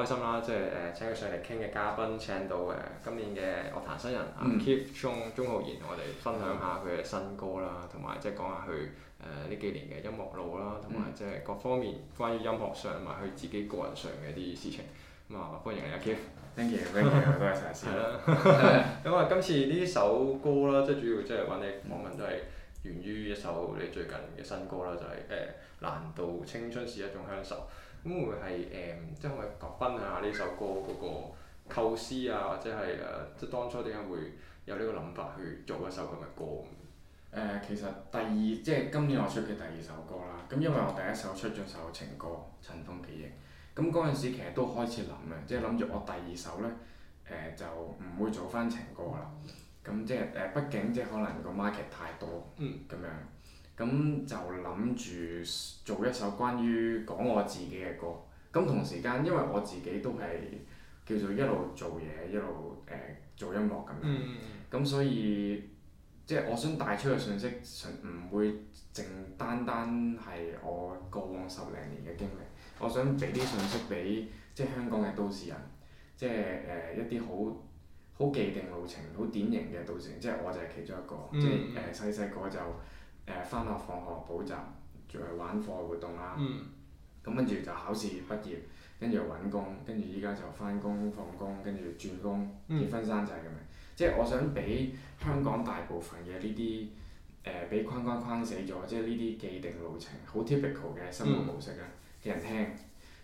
開心啦，即係誒請佢上嚟傾嘅嘉賓，請到誒今年嘅樂壇新人啊、嗯、Keith Chung 鍾浩賢同我哋分享下佢嘅新歌啦，同埋即係講下佢誒呢幾年嘅音樂路啦，同埋即係各方面關於音樂上同埋佢自己個人上嘅啲事情。咁啊，歡迎阿、嗯、Keith，thank you，thank you，多謝曬先啦。咁啊，今次呢首歌啦，即係主要即係揾你訪問都係源於一首你最近嘅新歌啦，就係、是、誒難道青春是一種鄉愁。咁會唔會係誒、呃，即係我哋講分享下呢首歌嗰個構思啊，或者係誒、呃，即係當初點解會有呢個諗法去做一首咁嘅歌？誒、呃，其實第二即係今年我出嘅第二首歌啦。咁因為我第一首出咗首情歌《塵封、嗯、記憶》，咁嗰陣時其實都開始諗嘅，即係諗住我第二首呢，誒、呃、就唔會做翻情歌啦。咁即係誒、呃，畢竟即係可能個 market 太多，咁、嗯、樣。咁就諗住做一首關於講我自己嘅歌。咁同時間，因為我自己都係叫做一路做嘢，一路誒、呃、做音樂咁樣。咁、Mm hmm. 所以即係我想帶出嘅信息，唔會淨單單係我過往十零年嘅經歷。我想俾啲信息俾即係香港嘅都市人，即係誒、呃、一啲好好既定路程、好典型嘅都市人，即係我就係其中一個。Mm hmm. 即係誒細細個就。誒翻、呃、學、放學、補習，仲係玩課外活動啦、啊。咁、嗯、跟住就考試、畢業，跟住又揾工，跟住依家就翻工、放工，跟住轉工、嗯、結婚生仔咁樣。即係我想俾香港大部分嘅呢啲誒俾框框框死咗，即係呢啲既定路程好 typical 嘅生活模式啊。嘅人聽，咁、嗯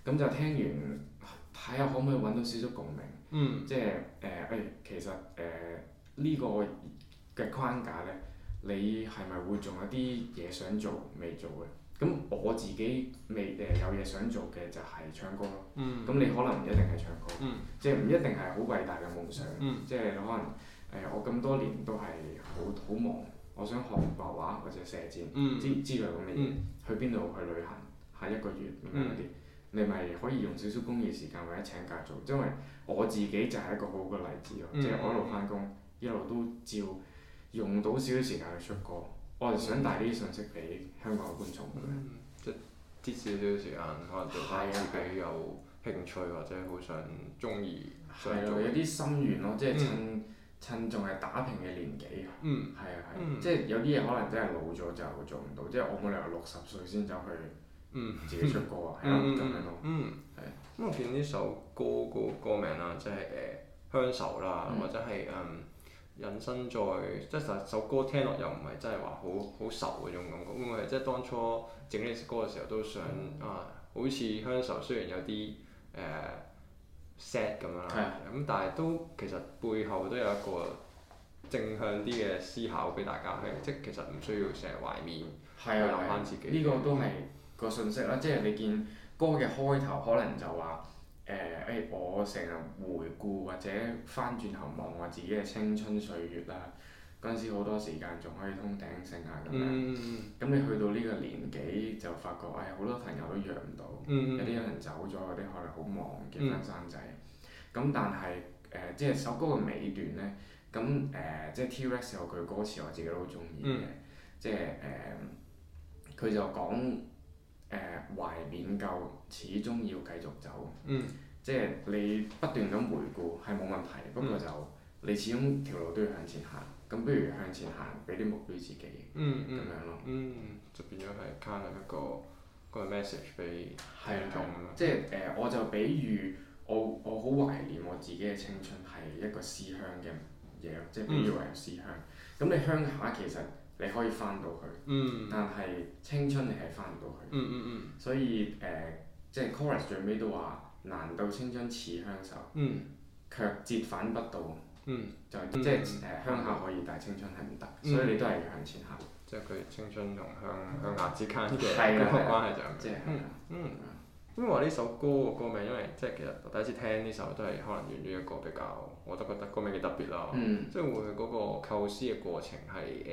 嗯、就聽完睇下可唔可以揾到少少共鳴。嗯嗯、即係誒誒，其實誒呢、呃呃這個嘅框架，架呢。你係咪會仲有啲嘢想做未做嘅？咁我自己未誒有嘢想做嘅就係唱歌咯。咁你可能唔一定係唱歌，即係唔一定係好偉大嘅夢想。即係可能誒，我咁多年都係好好忙。我想學畫畫或者射箭之之類咁嘅嘢，去邊度去旅行，下一個月，明白啲。你咪可以用少少工餘時間或者請假做，因為我自己就係一個好嘅例子喎。即係我一路翻工，一路都照。用到少少時間去出歌，我係想帶啲信息俾香港嘅觀眾咁樣，即係啲少少時間可能做翻啲比較興趣或者好想中意。係咯、uh, like, like hmm.，有啲心願咯，即係趁趁仲係打拼嘅年紀。嗯、um.，係啊，係，即係有啲嘢可能真係老咗就做唔到，即係我冇理由六十歲先走去嗯，自己出歌啊，係啊咁樣咯。嗯，係。咁我見呢首歌個歌名啦，即係誒鄉愁啦，或者係嗯。引申在，即係首歌聽落又唔係真係話好好愁嗰種感覺，咁咪即係當初整呢首歌嘅時候都想啊，好似鄉愁雖然有啲誒 sad 咁樣啦，咁的但係都其實背後都有一個正向啲嘅思考俾大家，係的即係其實唔需要成日懷緬，係啊諗翻自己。呢、這個都係個信息啦，即係的你見歌嘅開頭可能就話。誒誒、呃欸，我成日回顧或者翻轉頭望我自己嘅青春歲月啦、啊，嗰陣時好多時間仲可以通頂升啊咁樣。咁你去到呢個年紀就發覺，唉、哎，好多朋友都約唔到，有啲人走咗，有啲可能好忙結婚生仔。咁、嗯、但係誒、呃，即係首歌嘅尾段呢，咁誒、呃、即係 T-Rexx 有句歌詞我自己都好中意嘅，嗯、即係誒佢就講。誒、呃、懷緬夠，始終要繼續走。嗯，即係你不斷咁回顧係冇問題，不過就你始終條路都要向前行。咁不如向前行，俾啲目標自己。嗯咁、嗯、樣咯、嗯嗯嗯。嗯。就變咗係卡上一個嗰個 message 俾聽眾。的樣即係誒、呃，我就比喻我我好懷念我自己嘅青春係一個思鄉嘅嘢，嗯、yeah, 即係比喻為思鄉。咁、嗯嗯、你鄉下其實～你可以翻到去，但係青春你係翻唔到去。嗯嗯嗯。所以誒，即係《Chorus》最尾都話難道青春似鄉愁，嗯，卻折返不到。嗯。就即係誒鄉下可以，但係青春係唔得，所以你都係向前行。即係佢青春同鄉鄉下之間嘅嗰個關係就。嗯嗯。因為呢首歌個歌名，因為即係其實第一次聽呢首都係可能源於一個比較，我都覺得歌名嘅特別咯，即係會嗰個構思嘅過程係誒。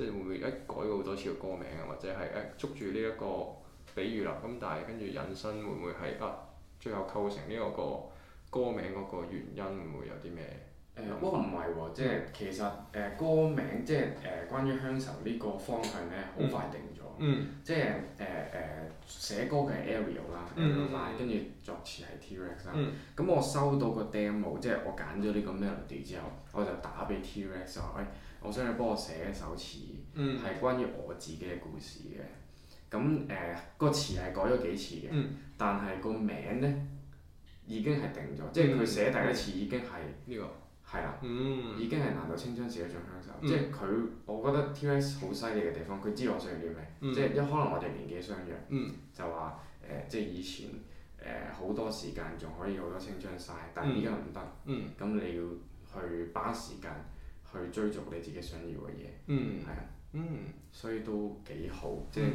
即係會唔會一改過好多次個歌名啊？或者係誒捉住呢、這、一個比喻啦。咁但係跟住引申會唔會係啊？最後構成呢一個歌，歌名嗰個原因會唔會有啲咩、呃？不過唔係喎，即係其實誒、呃、歌名即係誒關於鄉愁呢個方向咧，好快定咗。嗯、即係誒誒寫歌嘅 Ariel 啦，跟住作詞係 T-Rexx 啦。X，嗯。咁我收到個 demo，即係我揀咗呢個 melody 之後，我就打俾 T-Rexx 話喂，我想你幫我寫一首詞，係關於我自己嘅故事嘅。咁誒、呃那個詞係改咗幾次嘅，但係個名呢已經係定咗，即係佢寫第一次已經係呢、這個係啦，的嗯、已經係難道青春、嗯、是一種鄉愁？即係佢，我覺得 T.S 好犀利嘅地方，佢知道我想要啲咩，嗯、即係一可能我哋年紀相若，嗯、就話、呃、即係以前好、呃、多時間仲可以好多青春嘥，但係依家唔得，咁、嗯嗯、你要去把時間。去追逐你自己想要嘅嘢，嗯，係啊，嗯，所以都幾好，即係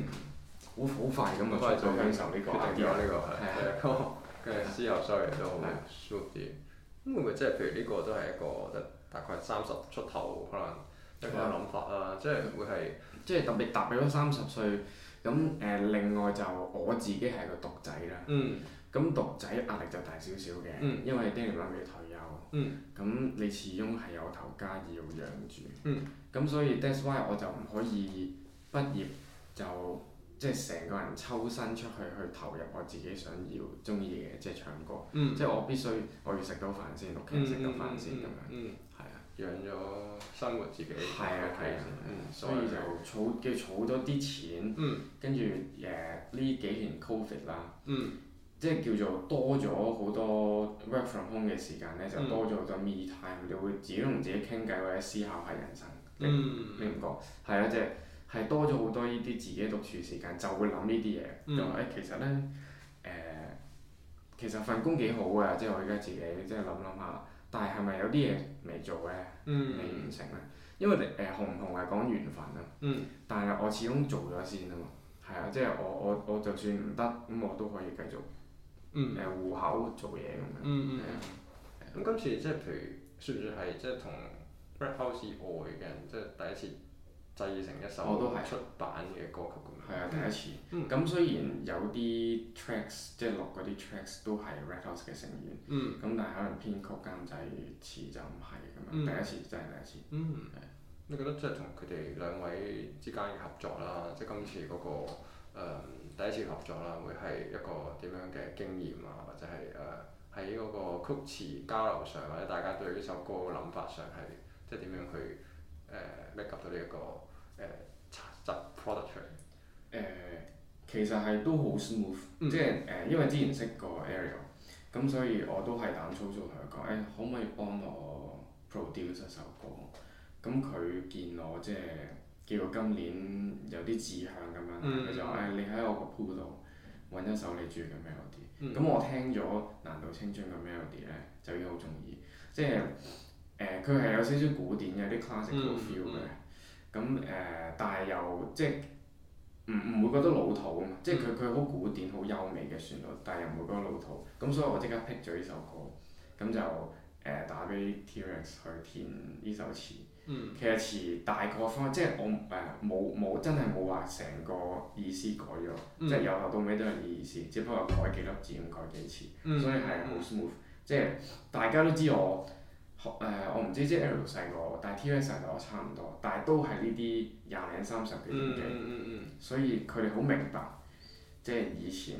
好好快咁啊，做到享受呢個嘅呢個係嘅，跟住之後所以都舒服啲。咁會唔會即係譬如呢個都係一個，即係大概三十出頭可能一個諗法啦。即係會係，即係特別踏入咗三十歲，咁誒，另外就我自己係個獨仔啦。咁獨仔壓力就大少少嘅，因為爹哋媽咪退休。嗯，咁你始終係有頭家要養住，咁所以 that's why 我就唔可以畢業，就即係成個人抽身出去去投入我自己想要鍾意嘅即係唱歌，即係我必須我要食到飯先，屋企人食到飯先咁樣，係啊，養咗生活自己係啊，係啊，所以就儲跟住儲咗啲錢，跟住誒呢幾年 covid 啦。即係叫做多咗好多 work from home 嘅時間呢，嗯、就多咗好多 me time。你會自己同自己傾偈或者思考下人生，嗯、你唔覺？係啊，即係係多咗好多呢啲自己獨處時間，就會諗呢啲嘢。嗯、就話、欸、其實呢，誒、呃，其實份工幾好啊！即係我而家自己即係諗諗下，但係係咪有啲嘢未做呢？未完成咧？呢因為誒、呃、紅唔紅係講緣分啊。嗯、但係我始終做咗先啊嘛。係啊，即係我我我就算唔得咁，我都可以繼續。誒，戶口做嘢咁樣，咁今次即係譬如算唔算係即係同 Red House 外嘅人，即係第一次製成一首都係出版嘅歌曲咁啊？係啊，第一次。咁雖然有啲 tracks 即係落嗰啲 tracks 都係 Red House 嘅成員，咁但係可能編曲、監製、詞就唔係咁啊。第一次真係第一次。嗯，你覺得即係同佢哋兩位之間嘅合作啦，即係今次嗰個誒第一次合作啦，會係一個點樣嘅經驗啊，或者係誒喺嗰個曲詞交流上，或者大家對呢首歌嘅諗法上係即係點樣去誒 make up 到呢、這、一個誒 product、呃、出嚟？誒、呃，其實係都好 smooth，嗯、即係誒、呃，因為之前識過 Ariel，咁、嗯、所以我都係膽粗粗同佢講誒，可唔可以幫我 produce 一首歌？咁佢見我即係。叫今年有啲志向咁樣，佢、嗯、就誒、哎、你喺我個 pool 度揾一首你中意嘅 melody、嗯。嗯、咁我聽咗難道青春嘅 melody 呢，就已經好中意，即係佢係有少少古典，嘅啲 classic 嘅 feel 嘅，咁誒、嗯呃、但係又即係唔唔會覺得老土啊嘛，即係佢佢好古典好優美嘅旋律，但係又唔會覺得老土，咁、嗯、所以我即刻 pick 咗呢首歌，咁就誒、呃、打俾 T-Rexx 去填呢首詞。嗯、其實詞大個翻，即係我誒冇冇真係冇話成個意思改咗，嗯、即係由頭到尾都係意思，只不過改幾粒字，改幾次，嗯、所以係好 smooth、嗯。即係大家都知我學、呃、我唔知即係 Ariel 細個，但係 T-Rexx 同我差唔多，但係都係呢啲廿零三十幾嘅年紀，嗯嗯嗯、所以佢哋好明白，即係以前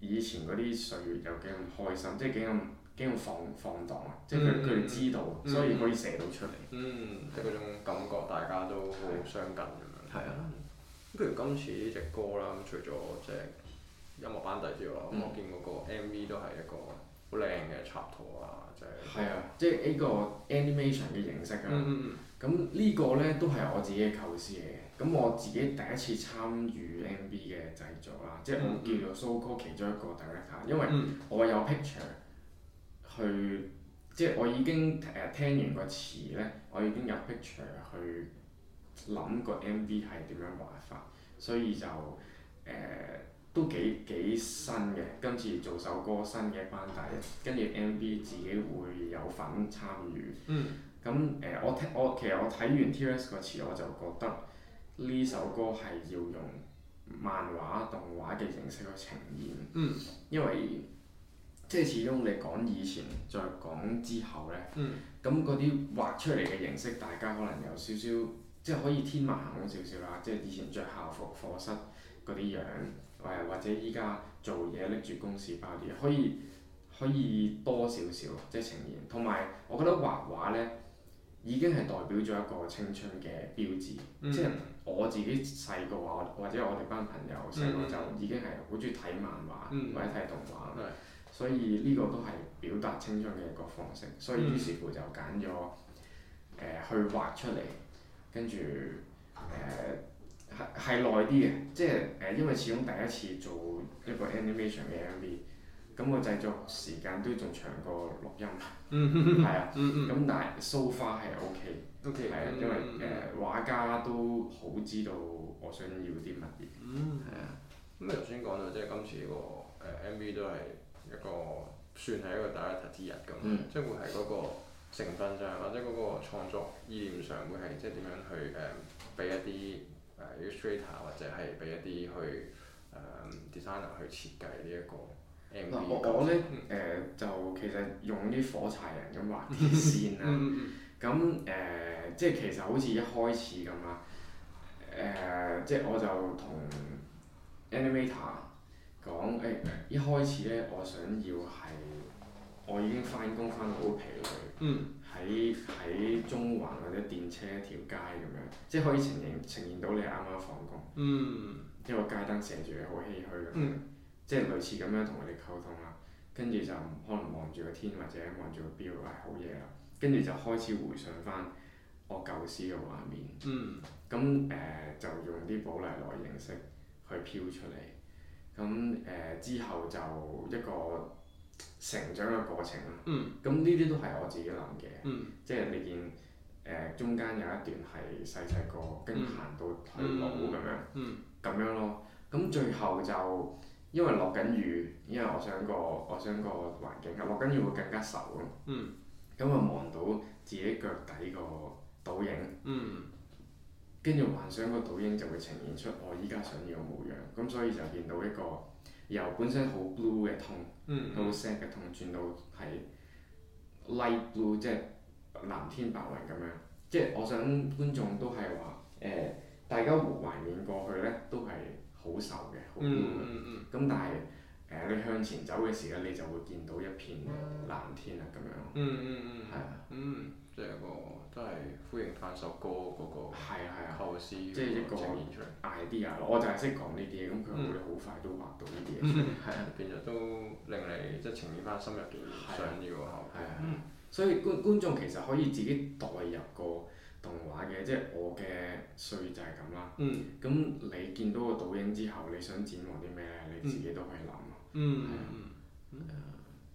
以前嗰啲歲月有幾咁開心，即係幾咁。經過放放蕩啊，即係佢佢知道，嗯、所以可以寫到出嚟，嗯嗯、即係嗰種感覺，大家都好相近咁樣。係啊，咁譬如今次呢隻歌啦，咁除咗即係音樂班底之外，咁、嗯、我見嗰個 M V 都係一個好靚嘅插圖啊，即係、嗯。係啊，即係呢個 animation 嘅形式啊。咁呢、嗯、個呢都係我自己嘅構思嚟嘅。咁我自己第一次參與 M V 嘅製作啦，即係、嗯、我叫做搜、so、哥，其中一個 director，因為我有 picture。去即係我已經誒、呃、聽完個詞咧，我已經入 picture 去諗個 M V 係點樣畫法，所以就誒、呃、都幾幾新嘅。今次做首歌新嘅班底，跟住 M V 自己會有份參與。嗯。咁誒、呃，我聽我其實我睇完 T S 個詞，我就覺得呢首歌係要用漫畫動畫嘅形式去呈現。嗯。因為。即係始終你講以前，再講之後咧，咁嗰啲畫出嚟嘅形式，大家可能有少少，即係可以天馬行空少少啦。即係以前着校服課室嗰啲樣，或或者依家做嘢拎住公事包啲嘢，可以可以多少少即係呈現。同埋我覺得畫畫咧已經係代表咗一個青春嘅標誌。嗯、即係我自己細個話，或者我哋班朋友細個就已經係好中意睇漫畫、嗯、或者睇動畫。嗯所以呢個都係表達青春嘅一個方式，所以於是乎就揀咗誒去畫出嚟，跟住誒係係耐啲嘅，即係誒因為始終第一次做一個 animation 嘅 MV，咁個製作時間都仲長過錄音，係啊，咁但係 so far 係 OK，OK 係啊，因為誒畫家都好知道我想要啲乜嘢，係啊，咁你頭先講到即係今次個誒 MV 都係。一個算係一個大日之日咁，嗯、即係會係嗰個成分上或者嗰個創作意念上會係即係點樣去誒，俾、呃、一啲誒 illustrator 或者係俾一啲去誒、呃、 designer 去設計呢一個 MV。我講咧誒，就其實用啲火柴人咁畫啲線啊，咁誒、 呃，即係其實好似一開始咁啦。誒、呃，即係我就同 Animator。講誒、欸、一開始咧，我想要係我已經翻工翻到好疲累，喺喺、嗯、中環或者電車一條街咁樣，即係可以呈現呈現到你啱啱放工，因為、嗯、街燈射住你好唏噓咁樣，嗯、即係類似咁樣同我哋溝通啦。跟住就可能望住個天或者望住個表係好夜啦。跟住就開始回想翻我舊時嘅畫面，咁誒、嗯呃、就用啲寶麗來形式去飄出嚟。咁誒、嗯、之後就一個成長嘅過程啦。咁呢啲都係我自己諗嘅，嗯、即係你見誒、呃、中間有一段係細細個，嗯、跟住行到台樓咁樣，咁、嗯、樣咯。咁最後就因為落緊雨，因為我想個我想個環境，落緊雨會更加愁啊嘛。咁啊望到自己腳底個倒影。嗯跟住幻想個倒影就會呈現出我依家想要嘅模樣，咁所以就見到一個由本身好 blue 嘅痛、mm，好 sad 嘅痛轉到係 light blue，即係藍天白雲咁樣。即係我想觀眾都係話，誒、呃、大家懷念過去咧都係好愁嘅，好 blue 嘅，咁、mm hmm. 但係。誒，嗯、你向前走嘅時候，你就會見到一片藍天啊，咁樣。嗯嗯嗯。係啊。嗯，即係、啊嗯就是、個都係歡迎翻首歌嗰個。啊係啊，後即係一個呈現出 idea 咯、嗯。我就係識講呢啲嘢，咁佢會好快都畫到呢啲嘢。係、嗯、啊，變咗都令你即係、就是、呈現翻深入嘅想要後啊。係啊、嗯，所以觀觀眾其實可以自己代入個動畫嘅，即、就、係、是、我嘅歲就係咁啦。嗯。咁你見到個倒影之後，你想展望啲咩咧？你自己都可以諗。嗯嗯，係、嗯、啊，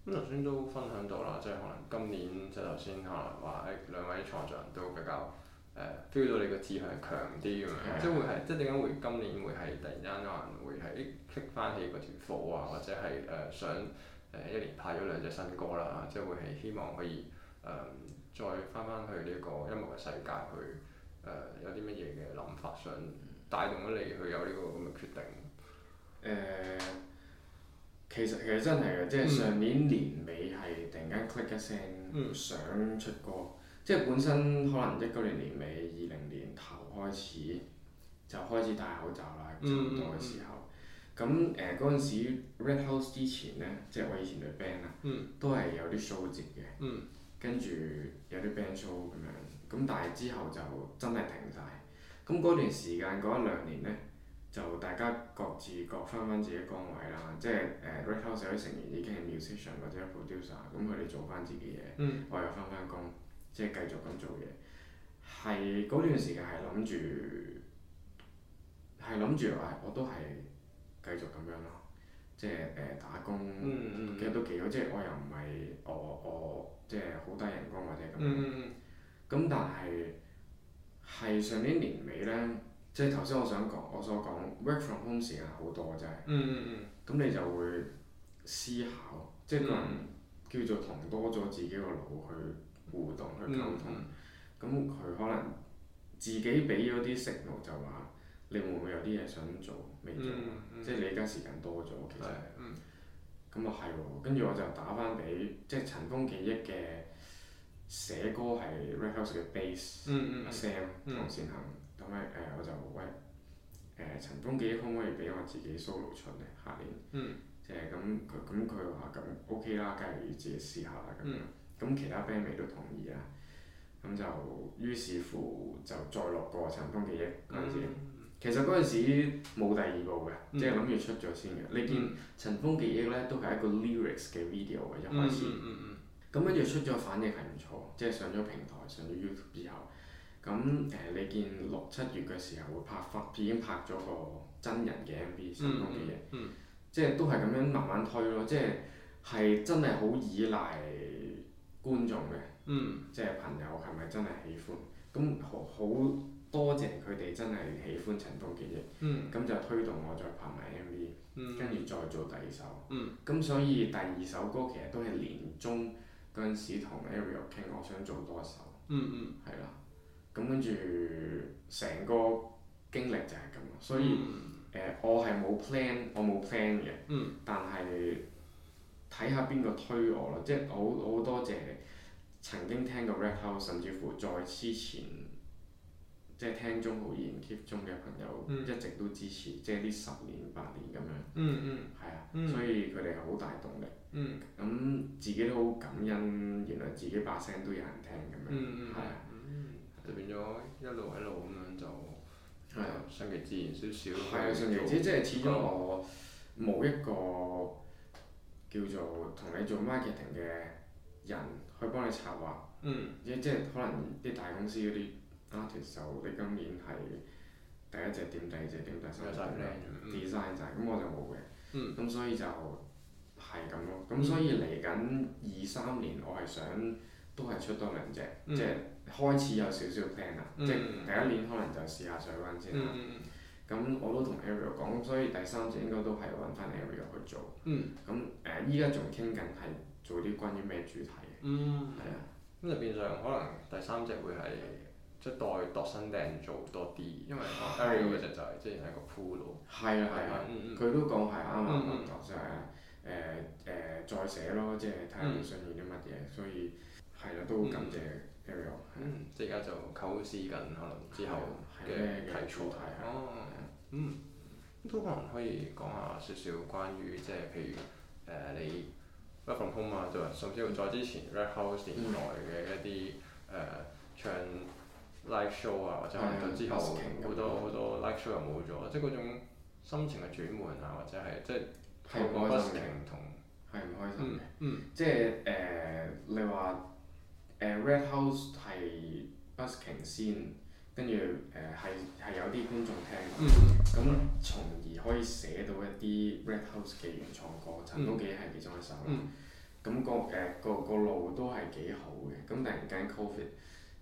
咁頭先都分享到啦，即係可能今年即係頭先可能話誒兩位創作人都比較誒 feel、呃、到你個志向強啲咁樣， 即係會係即係點解會今年會係突然間可能會係激翻起嗰條火啊，或者係誒、呃、想誒、呃、一年派咗兩隻新歌啦，即係會係希望可以誒、呃、再翻翻去呢個音樂嘅世界去誒、呃、有啲乜嘢嘅諗法，想帶動咗你去有呢個咁嘅決定誒。嗯嗯。其實其實真係嘅，即係上年年尾係突然間 click 一聲、嗯、想出歌，即係本身可能一九年年尾、二零年頭開始就開始戴口罩啦，差唔、嗯、多嘅時候。咁誒嗰陣時 Red House 之前呢，嗯、即係我以前嘅 band 啦，嗯、都係有啲 show 接嘅，嗯、跟住有啲 band show 咁樣。咁但係之後就真係停晒。咁嗰段時間嗰一兩年呢，就大家各自各返翻自己崗位啦，即係誒 Red House 有啲成員已經係 musician 或者 producer，咁佢哋做翻自己嘢，嗯、我又返翻工，即係繼續咁做嘢。係嗰段時間係諗住，係諗住話我都係繼續咁樣咯，即係誒、呃、打工其實都幾好，即係我又唔係我我即係好低人工或者咁，咁、嗯、但係係上年年尾呢。即係頭先我想講，我所講 work from home 時間好多真係。嗯咁、嗯嗯、你就會思考，即係可能叫做同多咗自己個腦去互動、去溝通。咁佢、嗯嗯、可能自己俾咗啲訊號，就話你會唔會有啲嘢想做未做？嗯嗯嗯，即係你而家時間多咗，其實、嗯。係、嗯。咁啊係喎，跟住我就打返俾即係塵封記憶嘅寫歌係 Red House 嘅 bass 阿 Sam 同善行。嗯嗯嗯誒、呃、我就喂誒、呃、塵封記憶可唔可以俾我自己 solo 出嚟？下年，即係咁佢咁佢話咁 OK 啦，梗係要自己試下啦咁樣。咁、嗯、其他 band 未都同意啊？咁就於是乎就再落個塵封記憶嗰陣時，就是嗯、其實嗰陣時冇第二部嘅，嗯、即係諗住出咗先嘅。你見、嗯、塵封記憶咧都係一個 lyrics 嘅 video 嘅，一開始。咁跟住出咗反應係唔錯，即係上咗平台，上咗 YouTube 之後。咁誒、呃，你見六七月嘅時候會拍發，已經拍咗個真人嘅 MV 陳峰嘅嘢，嗯、即係都係咁樣慢慢推咯。即係係真係好依賴觀眾嘅，嗯、即係朋友係咪真係喜歡？咁好好多謝佢哋真係喜歡陳峰嘅嘢，咁、嗯、就推動我再拍埋 MV，跟住、嗯、再做第二首。咁、嗯嗯、所以第二首歌其實都係年中嗰陣時同 Ariel 傾，我想做多一首，係啦、嗯。嗯嗯。咁跟住成個經歷就係咁，所以誒我係冇 plan，我冇 plan 嘅，但係睇下邊個推我啦，即係好好多謝曾經聽過 Red House，甚至乎在之前即係聽鍾浩賢 Keith 中嘅朋友，一直都支持，即係呢十年八年咁樣，係啊，所以佢哋好大動力，咁自己都好感恩，原來自己把聲都有人聽咁樣，係啊。就變咗一路一路咁樣就係順其自然少少。係啊，順其自然即係始終我冇一個叫做同你做 marketing 嘅人去幫你策劃。即即可能啲大公司嗰啲 artist 就你今年係第一隻點，第二隻點，第三隻點 design 就係咁，我就冇嘅。嗯。咁所以就係咁咯。咁所以嚟緊二三年我係想都係出多兩隻，即係。開始有少少 plan 啦，即係第一年可能就試下水溫先啦。咁我都同 Ariel 講，所以第三隻應該都係揾翻 Ariel 去做。咁誒，依家仲傾緊係做啲關於咩主題嘅？係啊。咁就變相可能第三隻會係即係代度身訂做多啲，因為 Ariel 嗰隻就係即係一個 pool 佬。係啊係啊，佢都講係啱啱，頭先係啊再寫咯，即係睇下佢想要啲乜嘢，所以係啊都好感謝。嗯，即係而家就構思緊可能之後嘅題材哦，嗯，都可能可以講下少少關於即係譬如誒你《From Home》啊，仲甚至乎再之前 Red House 年代嘅一啲誒唱 Live Show 啊，或者可能之後好多好多 Live Show 又冇咗，即係嗰種心情嘅轉換啊，或者係即係嗰個心情唔同，係唔開心嘅，嗯，即係誒你話。誒 Red House 係 busking 先，跟住誒，係係有啲觀眾聽，咁從而可以寫到一啲 Red House 嘅原創歌，就都幾係其中一首啦。咁個誒個個路都係幾好嘅，咁突然間 COVID，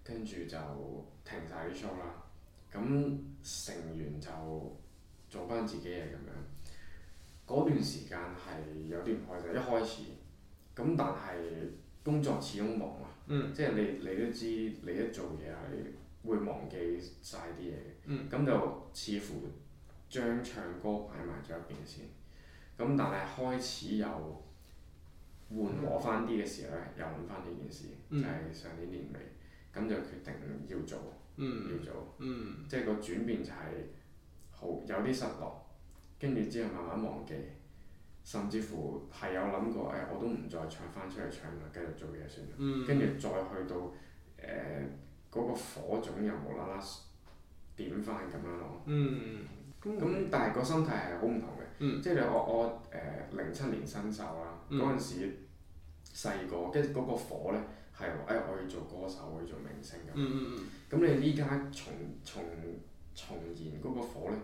跟住就停晒啲 show 啦。咁成員就做翻自己嘢咁樣。嗰段時間係有啲唔開心，一開始，咁但係工作始終忙啊。嗯、即係你你都知，你一做嘢係會忘記晒啲嘢，咁、嗯、就似乎將唱歌擺埋咗一邊先。咁但係開始又緩和翻啲嘅時候咧，嗯、又諗翻呢件事，嗯、就係上年年尾，咁就決定要做，嗯、要做，嗯、即係個轉變就係、是、好有啲失落，跟住之後慢慢忘記。甚至乎係有諗過，誒我都唔再唱翻出去唱啦，繼續做嘢算啦。跟住再去到誒嗰個火種又無啦啦點翻咁樣咯。咁但係個心態係好唔同嘅，即係我我誒零七年新手新秀啦，嗰陣時細個跟住嗰個火咧係誒我要做歌手，我要做明星咁。咁你依家重重重燃嗰個火咧，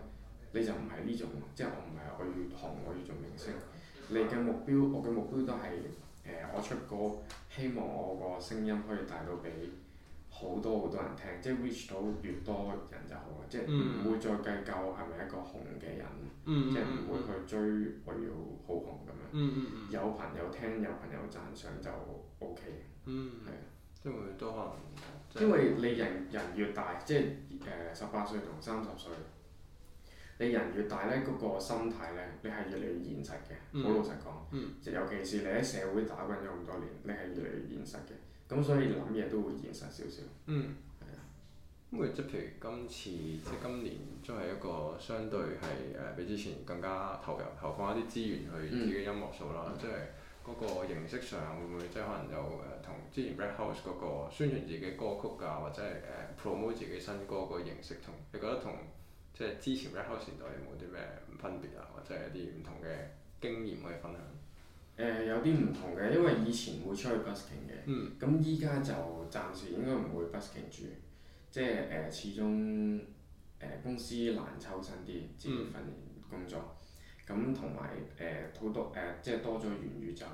你就唔係呢種，即係我唔係我要紅，我要做明星。你嘅目標，我嘅目標都係誒、呃，我出歌，希望我個聲音可以大到俾好多好多人聽，即係 reach 到越多人就好，嗯、即係唔會再計較係咪一個紅嘅人，嗯、即係唔會去追我要好紅咁樣，嗯嗯、有朋友聽，有朋友讚賞就 OK，係因為都可能因為你人人越大，即係誒十八歲同三十歲。呃你人越大咧，嗰、那個心態咧，你係越嚟越現實嘅。好、嗯、老實講，嗯、尤其是你喺社會打滾咗咁多年，你係越嚟越現實嘅。咁、嗯、所以諗嘢都會現實少少。嗯，係啊的。咁誒、嗯，即譬如今次即係今年都係一個相對係誒、呃、比之前更加投入投放一啲資源去自己音樂數啦，嗯嗯、即係嗰個形式上會唔會即係可能有誒同、呃、之前 Red House 嗰個宣傳自己歌曲啊，或者係誒、呃、promote 自己新歌嗰個形式同你覺得同？即係之前一開始時代有冇啲咩分別啊，或者一啲唔同嘅經驗可以分享？誒、呃、有啲唔同嘅，因為以前會出去 busking 嘅，咁依家就暫時應該唔會 busking 住，即係誒、呃、始終誒、呃、公司難抽身啲自己份工作，咁同埋誒好多誒、呃、即係多咗粵語就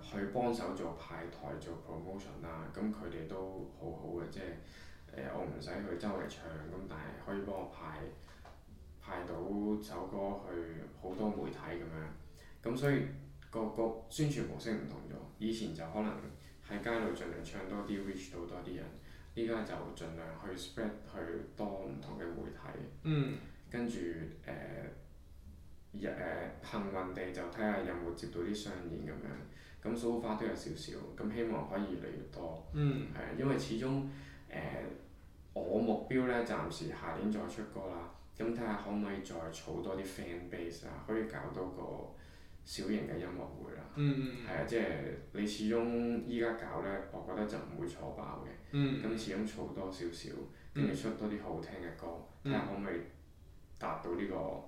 去幫手做派台做 promotion 啦、啊，咁佢哋都好好嘅，即係誒、呃、我唔使去周圍唱，咁但係可以幫我派。派到首歌去好多媒體咁樣，咁所以個個宣傳模式唔同咗。以前就可能喺街度盡量唱多啲 reach 到多啲人，依家就盡量去 spread 去多唔同嘅媒體。嗯。跟住誒，誒、呃、幸、呃、運地就睇下有冇接到啲商演咁樣，咁 so far 都有少少，咁希望可以越嚟越多。嗯。係、嗯，因為始終誒、呃，我目標咧，暫時下年再出歌啦。咁睇下可唔可以再儲多啲 fan base 啊，可以搞多個小型嘅音樂會啦，係、嗯嗯、啊，即、就、係、是、你始終依家搞呢，我覺得就唔會坐爆嘅。咁始終儲多少少，跟住出多啲好聽嘅歌，睇下可唔可以達到呢個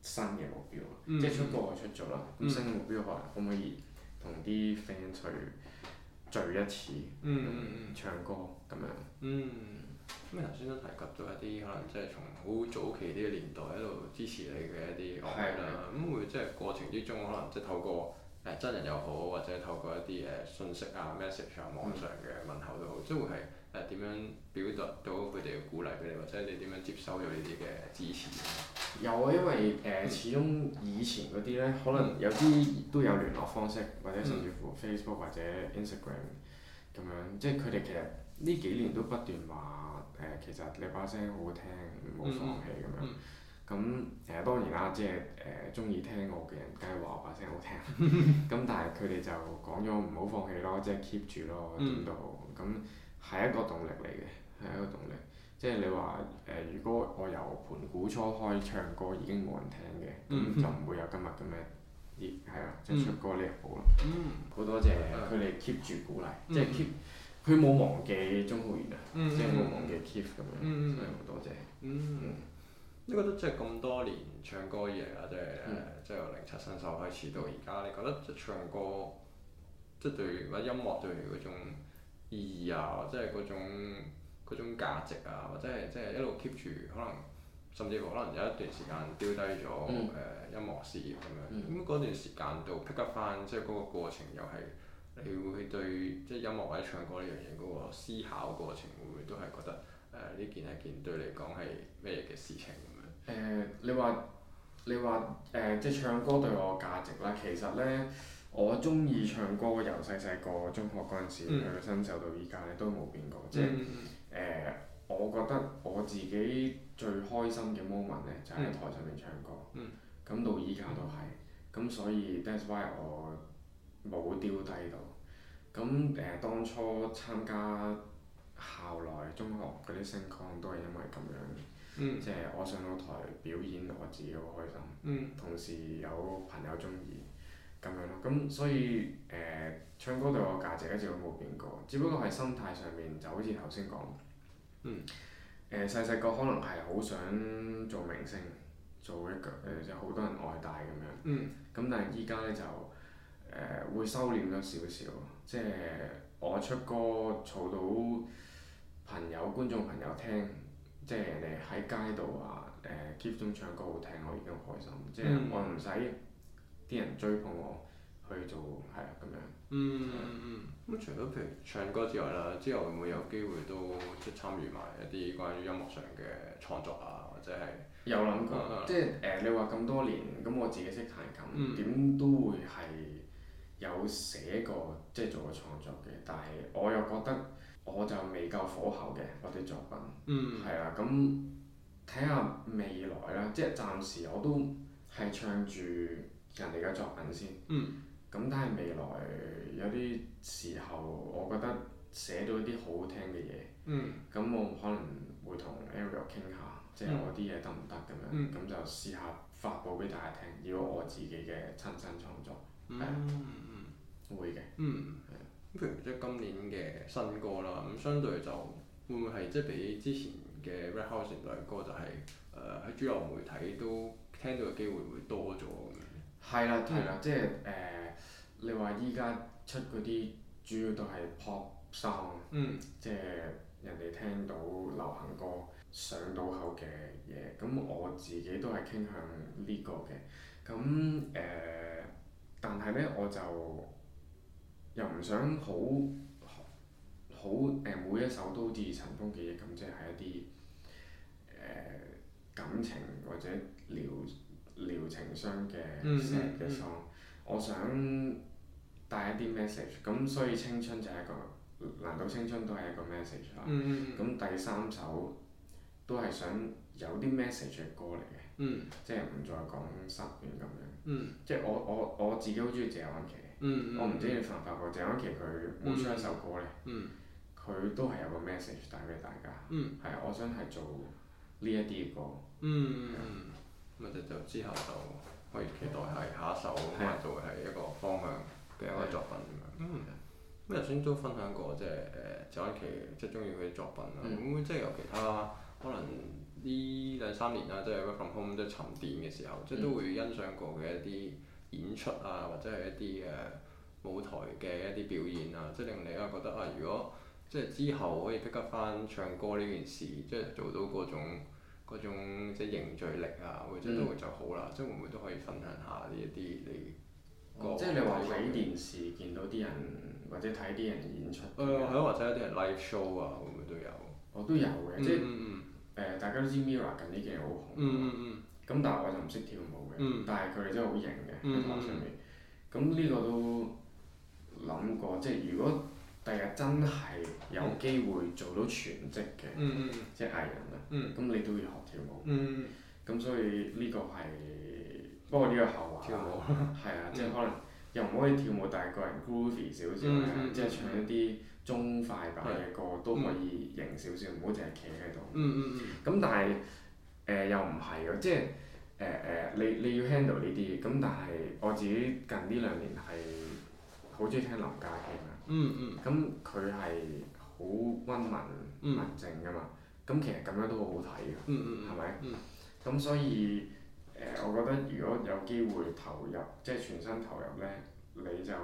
新嘅目標，即係出歌我出咗啦，咁新嘅目標可能可唔可以同啲 fan 去聚一次，嗯、唱歌咁樣。嗯。咁你頭先都提及咗一啲可能即係從好早期啲年代喺度支持你嘅一啲樂友啦，咁是的 會即、就、係、是、過程之中可能即係透過誒、呃、真人又好，或者透過一啲誒訊息啊、message 啊、網上嘅問候都好，嗯、即係會係誒點樣表達到佢哋嘅鼓勵俾你，或者你點樣接收咗呢啲嘅支持？有啊，因為誒、呃、始終以前嗰啲咧，嗯、可能有啲都有聯絡方式，或者甚至乎 Facebook 或者 Instagram 咁、嗯、樣，即係佢哋其實。呢幾年都不斷話誒，其實你把聲好好聽，唔好放棄咁樣。咁誒、嗯嗯嗯嗯嗯、當然啦，即係誒中意聽我嘅人梗係話我把聲好聽。咁、 嗯、但係佢哋就講咗唔好放棄咯，即係 keep 住咯點都好。咁係一個動力嚟嘅，係一個動力。即係你話誒，如果我由盤古初開唱歌已經冇人聽嘅，咁就唔會有今日嘅咩？而係即係出歌呢，又好咯。好多謝佢哋、嗯、keep 住鼓勵，嗯、即係 keep。佢冇忘記鍾浩賢啊，即係冇忘記 Keith 咁樣，嗯、真係好多謝。嗯，嗯你覺得，即係咁多年唱歌以嚟啦，即係即係由零七新秀開始到而家，你覺得就唱歌即係、就是、對或者音樂對嗰種意義啊，即係嗰種嗰種價值啊，或者係即係一路 keep 住可能甚至乎可能有一段時間丟低咗誒音樂事業咁樣，咁嗰段時間到 pick up 翻，即係嗰個過程又係。你會對即係音樂或者唱歌呢樣嘢嗰個思考過程會唔會都係覺得誒呢件係件對你嚟講係咩嘅事情咁樣？誒、呃，你話你話誒，即、呃、係、就是、唱歌對我價值啦。其實呢，我中意唱歌，由細細個中學嗰陣時唱新秀到依家呢都冇變過。即係誒，我覺得我自己最開心嘅 moment 呢，就喺台上面唱歌。嗯。咁、嗯、到依家都係，咁所以 that's why 我。冇掉低到，咁誒、呃、當初參加校內中學嗰啲 Sing Con 都係因為咁樣，嗯、即係我上到台表演，我自己好開心，嗯、同時有朋友鍾意，咁樣咯，咁所以誒、呃、唱歌對我價值一直都冇變過，只不過係心態上面就好似頭先講，誒、嗯呃、細細個可能係好想做明星，做一個誒、呃、即係好多人愛戴咁樣，咁、嗯、但係依家呢，就～誒會收斂咗少少，即係我出歌嘈到朋友、觀眾朋友聽，即係人哋喺街度啊誒 Keep 中唱歌好聽，我已經開心，即係我唔使啲人追捧我去做係啊咁樣。嗯嗯咁除咗譬如唱歌之外啦，之後會唔會有機會都即係參與埋一啲關於音樂上嘅創作啊，或者係有諗過？即係誒你話咁多年咁，我自己識彈琴，點都會係。有寫過即係做過創作嘅，但係我又覺得我就未夠火候嘅我啲作品，係啊咁睇下未來啦，即係暫時我都係唱住人哋嘅作品先，咁、嗯、但係未來有啲時候我覺得寫到一啲好聽嘅嘢，咁、嗯、我可能會同 Ariel 傾下，嗯、即係我啲嘢得唔得咁樣，咁、嗯、就試下發布俾大家聽，如果我自己嘅親身創作。嗯嗯。會嘅，嗯，咁譬如即係今年嘅新歌啦，咁相對就會唔會係即係比之前嘅 Red House 年代嘅歌、就係，就係誒喺主流媒體都聽到嘅機會會多咗咁樣。係啦、嗯，係啦，即係誒，你話依家出嗰啲主要都係 pop song，即係人哋聽到流行歌上到口嘅嘢。咁我自己都係傾向呢個嘅，咁誒、呃，但係咧我就。又唔想好好誒、呃、每一首都好似塵封記憶咁，即係一啲誒、呃、感情或者療療情傷嘅 sad 嘅 song，我想帶一啲 message，咁所以青春就係一個難道青春都係一個 message 啦。咁、嗯嗯嗯、第三首都係想有啲 message 嘅歌嚟嘅，嗯嗯即係唔再講失戀咁樣。嗯嗯即係我我我自己好中意謝安琪。我唔知你發唔發覺，鄭欣宜佢每出一首歌咧，佢都係有個 message 帶俾大家，係啊，我想係做呢一啲嘅歌，咁就就之後就可以期待係下一首，可能就會係一個方向嘅一個作品。咁頭先都分享過即係誒鄭欣宜即係中意佢嘅作品啦，咁即係有其他可能呢兩三年啦，即係《Work From Home》即都沉澱嘅時候，即係都會欣賞過嘅一啲。演出啊，或者係一啲誒、呃、舞台嘅一啲表演啊，即係令你啊覺得啊，如果即係之後可以即刻翻唱歌呢件事，即係做到嗰種嗰種，各種即係凝聚力啊，或者都會就好啦。嗯、即係會唔會都可以分享下呢一啲你？即係你話睇電視見到啲人，或者睇啲人演出誒，係咯，或者有啲人 live show 啊，會唔會都有？我都有嘅，即係誒，大家都知 Mirror 近呢幾年好紅啊嘛。嗯咁、嗯嗯、但係我就唔識跳舞嘅，但係佢哋真係好型嗯。咁呢個都諗過，即係如果第日真係有機會做到全職嘅，即係藝人咧，咁你都要學跳舞。咁所以呢個係不過呢個後話。跳舞。係啊，即係可能又唔可以跳舞，但係個人 groovy 少少，即係唱一啲中快板嘅歌都可以型少少，唔好淨係企喺度。咁但係誒又唔係㗎，即係。誒誒，你你要 handle 呢啲嘢，咁但係我自己近呢兩年係好中意聽林家慶啊。嗯嗯。咁佢係好溫文文靜噶嘛。咁其實咁樣都好好睇嘅。嗯嗯。係咪？嗯。咁所以誒，我覺得如果有機會投入，即係全身投入咧，你就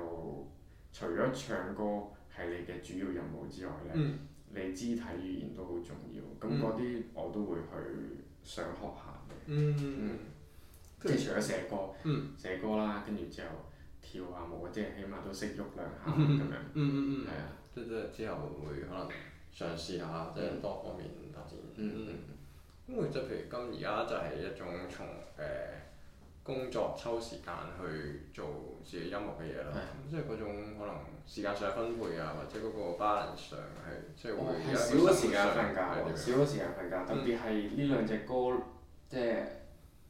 除咗唱歌係你嘅主要任務之外咧，你肢體語言都好重要。咁嗰啲我都會去想學下。嗯，即係除咗寫歌，寫歌啦，跟住之後跳下舞，即係起碼都識喐兩下咁樣。嗯嗯嗯。係啊，即即係之後會可能嘗試下，即係多方面發展。嗯嗯嗯。咁其實譬如今而家就係一種從誒工作抽時間去做自己音樂嘅嘢啦，即係嗰種可能時間上分配啊，或者嗰個 balance 上係即係會比較失衡。少咗時間瞓覺，少咗時間瞓覺，特別係呢兩隻歌。即係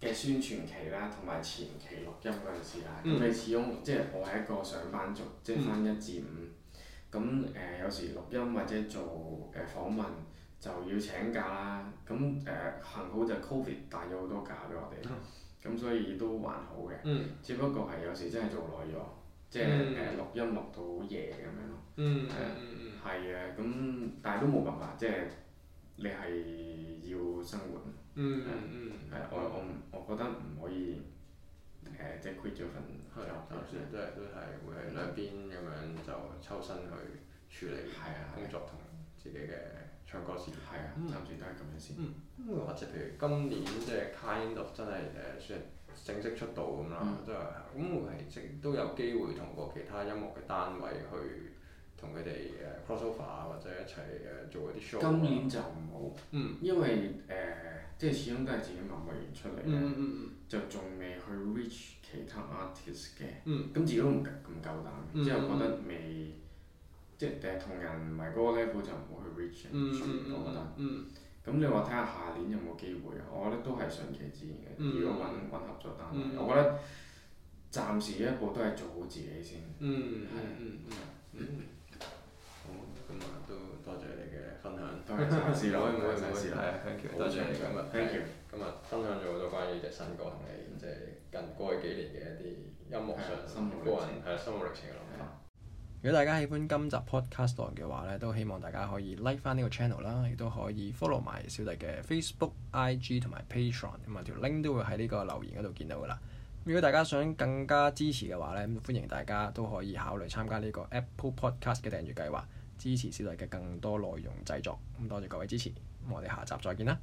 嘅宣傳期啦，同埋前期錄音嗰陣時啦，咁你、嗯、始終即係我係一個上班族，即係翻一至五、嗯。咁誒、呃、有時錄音或者做誒、呃、訪問，就要請假啦。咁誒幸好就 covid 帶咗好多假俾我哋，咁、嗯、所以都還好嘅。嗯、只不過係有時真係做耐咗，嗯、即係誒、呃、錄音錄到好夜咁樣咯。係啊、嗯，係啊、嗯，咁、嗯嗯嗯、但係都冇辦法，即係你係要生活。嗯，嗯，係、嗯、我我我覺得唔可以誒、呃，即係 quit 咗份香港嘅學堂書，都係都係會兩邊咁樣就抽身去處理工作同自己嘅唱歌事業，暫時都係咁樣先。嗯、或者譬如今年即係 kind of 真係誒算正式出道咁啦，嗯、即係咁係即都有機會同過其他音樂嘅單位去同佢哋誒 cross over 啊，或者一齊誒做一啲 show。今年就唔好，嗯、因為誒、呃。即係始終都係自己默默型出嚟啊！就仲未去 reach 其他 artist 嘅，咁自己都唔咁夠膽。之後覺得未，即係同人唔係嗰個 level 就唔好去 reach。我覺得，咁你話睇下下年有冇機會啊？我覺得都係順其自然嘅。如果揾揾合作單位，我覺得暫時一步都係做好自己先。係啊。嗯。好，今日都多謝。分享，時來唔會時來，好正咁啊！今日分享咗好多關於隻新歌嘅，即係近過去幾年嘅一啲音樂上、個人係啊、生活歷程嘅諗法。如果大家喜歡今集 Podcast 嘅話咧，都希望大家可以 like 翻呢個 channel 啦，亦都可以 follow 埋小弟嘅 Facebook、IG 同埋 Patreon，咁啊條 link 都會喺呢個留言嗰度見到噶啦。如果大家想更加支持嘅話咧，咁歡迎大家都可以考慮參加呢個 Apple Podcast 嘅訂閱計劃。支持小弟嘅更多內容製作，多謝各位支持，我哋下集再見啦。